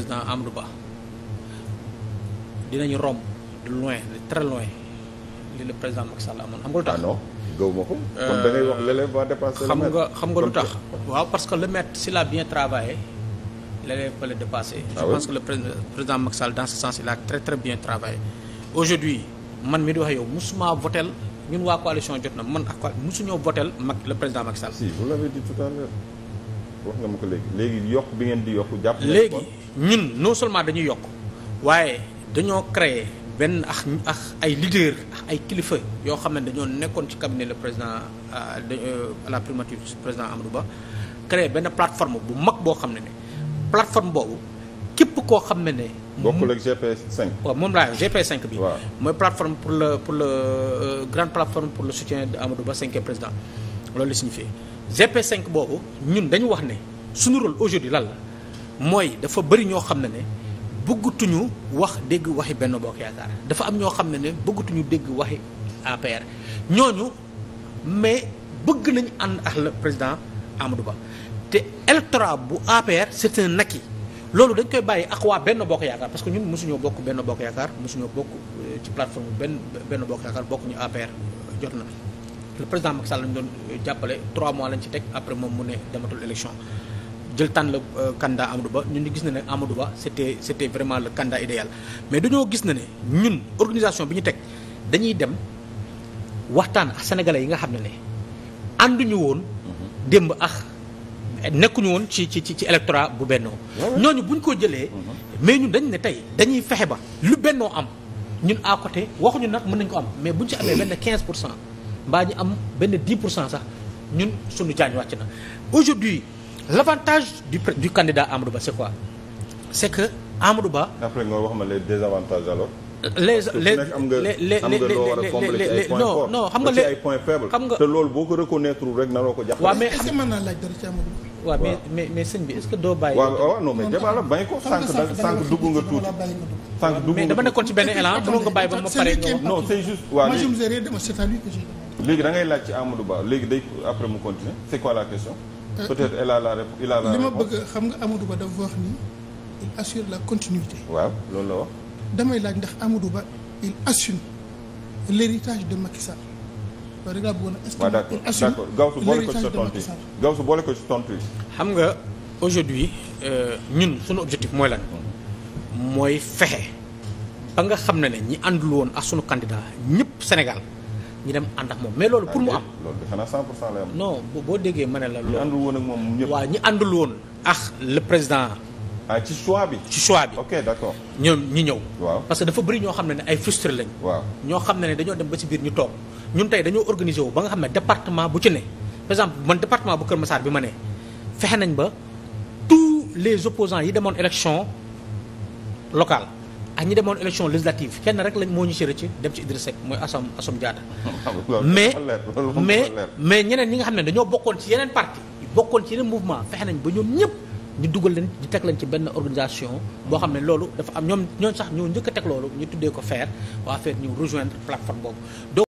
président Amadou Ba dinañu romb de loin de très loin li le président Macky Sall amoon xam nga lu tax. ah non gëw ma ko. kon xam nga lu tax. waaw parce que le maître ci a bien travaillé l'élève peut le dépasser. Ah je pense que le président Macky Sall dans ce sens il a très très bien travaillé. aujourd'hui man mi di wax yow musuma votel ñun waa coalition jot na man ak musuñoo votel Macky le président Macky wax nga ma ko léegi léegi yokk bi ngeen di yokk jàpp léegi ñun non seulement dañuy yokk waaye dañoo créer benn ax ax ay leader ax ay kilifa yoo xam ne dañoo nekkoon ci cabinet la président euh, euh, à la primature président Amadou Ba créer benn plateforme bu mag boo xam ne ne plateforme boobu képp koo xam ne ne bokkul ak GPS 5. waaw moom laa GPS cinq bi. waaw mooy plateforme pour le pour le euh, grande plateforme pour le soutien de Amadou Ba cinquième président loolu la signifie gp cinq boobu ñun dañu wax ne suñu rôle aujourd'hui lan la mooy dafa bëri ñoo xam ne ne bëggatuñu wax dégg waxi benn bokk yaakaar dafa am ñoo xam ne ne bëggatuñu dégg waxi APR ñooñu mais bëgg nañu ànd ak le président Amadou Ba te électorat bu APR c'est un acquis loolu dañ koy bàyyi ak waa benn bokk yaakaar parce que ñun mosuñoo bokk benn bokk yaakaar mosuñoo bokk euh, ci plateforme benn benn bokk yaakaar bokkuñu APR jot na. le président Macky Sall lañ doon euh, jàppale trois mois lañ ci teg après moom mu ne dematul élection jël tànn la euh, candidat Amadou Ba ñun ñu gis na ne Amadou Ba c'était c'était vraiment le candidat idéal mais dañoo gis na ne ñun organisation bi ñu teg dañuy dem waxtaan ak sénégalais yi nga xam ne ne ànduñu woon démb ak nekkuñu woon ci ci ci électorat bu bennoo ñooñu buñ ko jëlee mhm. mais ñun dañ ne tey dañuy fexe ba lu bennoo am ñun à côté waxuñu nag mën nañ ko am mais buñ ci amee benn pour cent mbaa ñu am benn 10 pour cent sax ñun suñu jaañ wàcc na. aujourd'hui l'avantage du du candidat Amadou Ba c'est quoi c'est que Amadou Ba. après nga wax ma les désavantages alors. les les les les les non non xam nga les ay points faibles. xam nga te loolu boo ko reconnaître rek naroo ko jaxase. waaw mais est-ce que mën naa laaj dara ci Amadou Ba waaw mais mais mais sëñ bi est-ce que doo bàyyi. waaw waaw non mais débat la bàyyi ko sànq sànq dugg nga tuuti. sànq dugg nga mais dama nekkoon ci benn élan mënoo nga bàyyi ba ma pare. non c'est juste waaw léegi léegi day après mu continuer c'est quoi la question. Euh, peut-être elle la réponse il la réponse li ma bëgg xam nga Amadou Ba dafa wax ni il assure la continuité. waaw loolu la wax. damay laaj ndax Amadou Ba il assume l'héritage de Macky Sall loolu laa bëggoon est-ce que. waaw d'accord d'accord Gaoussou boole ko ci sa tontu boole ko ci tontu yi. xam nga aujourd'hui euh, ñun sunu objectif mooy lan mooy fexe ba nga xam ne ne ñi àndul woon ak sunu candidat ñëpp Sénégal ñu dem ànd ak moom mais loolu pour mu am. loolu defe naa 100% lay am. non boo déggee ma ne la. loolu ñi àndul woon ak moom ñëpp. waaw ñi àndul woon ak le président. ah ci choix bi. ci choix bi ok d'accord. ñoom ñi ñëw. parce que dafa bëri ñoo xam ne ne ay frustré lañ. waaw ñoo xam ne ne dañoo dem ba ci biir ñu toog ñun tey dañoo organiser wu ba nga xam ne département bu ci ne par exemple man département bu Kër nañ ba tous les opposants yi demoon élection locale ak ñi demoon élection législative kenn rek lañ moo ñu ci ci Idriss Seck mooy Assome Assome Diatta. mais mais mais ñeneen ñi nga xam ne dañoo bokkoon ci yeneen parti bokkoon ci yeneen mouvement fexe nañ ba ñoom ñëpp. di dugal leen di teg leen ci benn organisation boo xam ne loolu dafa am ñoom ñoom sax ñoo njëkk a teg loolu ñu tuddee ko FAIRE waa FAIRE ñu rejoindre plateforme boobu